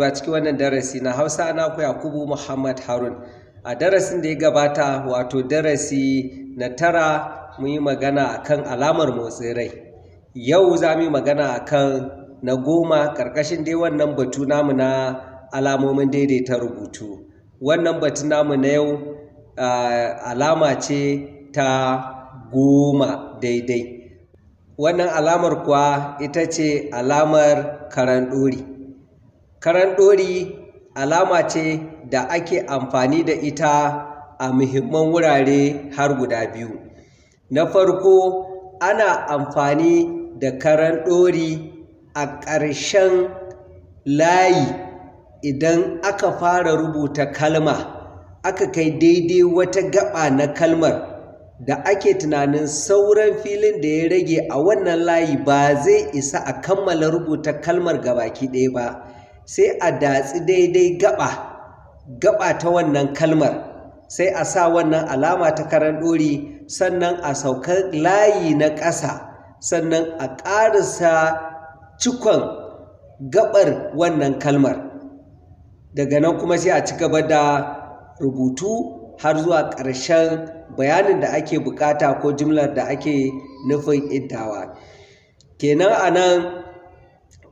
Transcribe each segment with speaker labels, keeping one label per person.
Speaker 1: To a cikin wannan darasi na Hausa na ku Yakubu Muhammad Harun. A darasin da ya gabata wato darasi na tara mu yi magana kan alamar motsin rai. Yau za mu yi magana akan na goma ƙarƙashin dai wannan batu namu na alamomin daidaita rubutu. Wannan batu namu na yau alama ce ta goma daidai. Wannan alamar kuwa ita ce alamar karan Karan ɗori alama ce da ake amfani da ita a muhimman wurare har guda biyu. Na farko ana amfani da karan ɗori a ƙarshen layi idan aka fara rubuta kalma aka kai daidai wata gaba na kalmar da ake tunanin sauran filin da ya rage a wannan layi ba zai isa a kammala rubuta kalmar gabaki ɗaya ba. sai a datsi daidai gaba gaba ta wannan kalmar sai a sa wannan alama ta karan ɗori sannan a saukar layi na ƙasa sannan a ƙarisa cikon gabar wannan kalmar daga nan kuma sai a ci gaba da rubutu har zuwa ƙarshen bayanin da ake bukata ko jimlar da ake nufin iddawa kenan a nan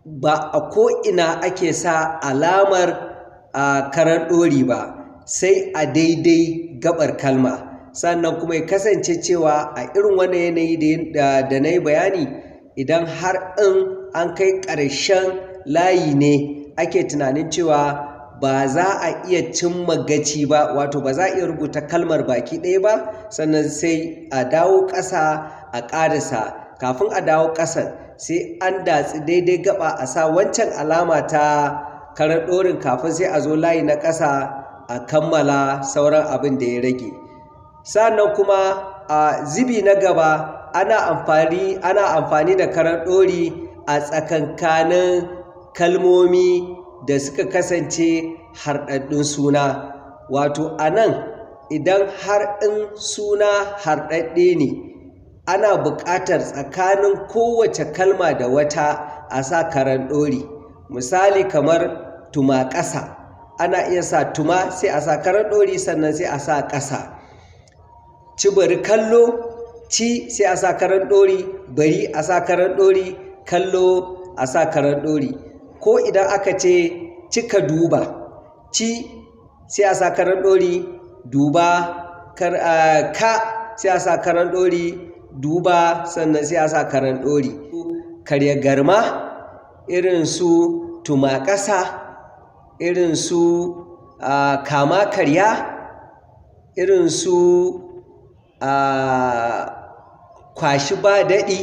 Speaker 1: ba a ko'ina ake sa alamar a karar ɗori ba sai a daidai gabar kalma sannan kuma ya kasance cewa a irin wannan yanayi da na yi bayani idan har in an kai ƙarshen layi ne ake tunanin cewa ba za a iya cimma gaci ba wato ba za a iya rubuta kalmar baki ɗaya ba sannan sai a dawo ƙasa a ƙarisa kafin a dawo ƙasar sai an datsi daidai gaba a sa wancan alama ta karar ɗorin kafin sai a zo layi na ƙasa a kammala sauran abin da ya rage sannan kuma a zibi na gaba ana amfani da karar ɗori a tsakankanin kalmomi da suka kasance harɗaɗɗun suna wato a nan idan har in suna harɗaɗɗe ne ana buƙatar tsakanin kowace kalma da wata a sa karan ɗori misali kamar tuma ƙasa ana iya sa tuma sai a sa karan ɗori sannan sai a sa ƙasa ci bari kallo ci sai a sa karan ɗori bari a sa karan ɗori kallo a sa karan ɗori ko idan aka ce cika duba ci sai a sa karan ɗori duba eh, ka sai a sa karan ɗori duba sannan sai a sa karen ɗori karya garma irin su tumakasa irin su kama karya irin su kwashi ba daɗi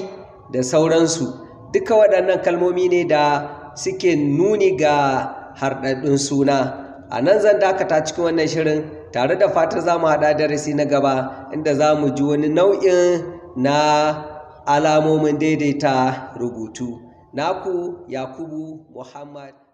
Speaker 1: da sauransu duka waɗannan kalmomi ne da suke nuni ga harɗaɗɗun suna a nan zan dakata cikin wannan shirin tare da fatar za mu haɗa darasi na gaba inda za mu ji wani nau'in na alamomin daidaita rubutu. Naku Yakubu Muhammad.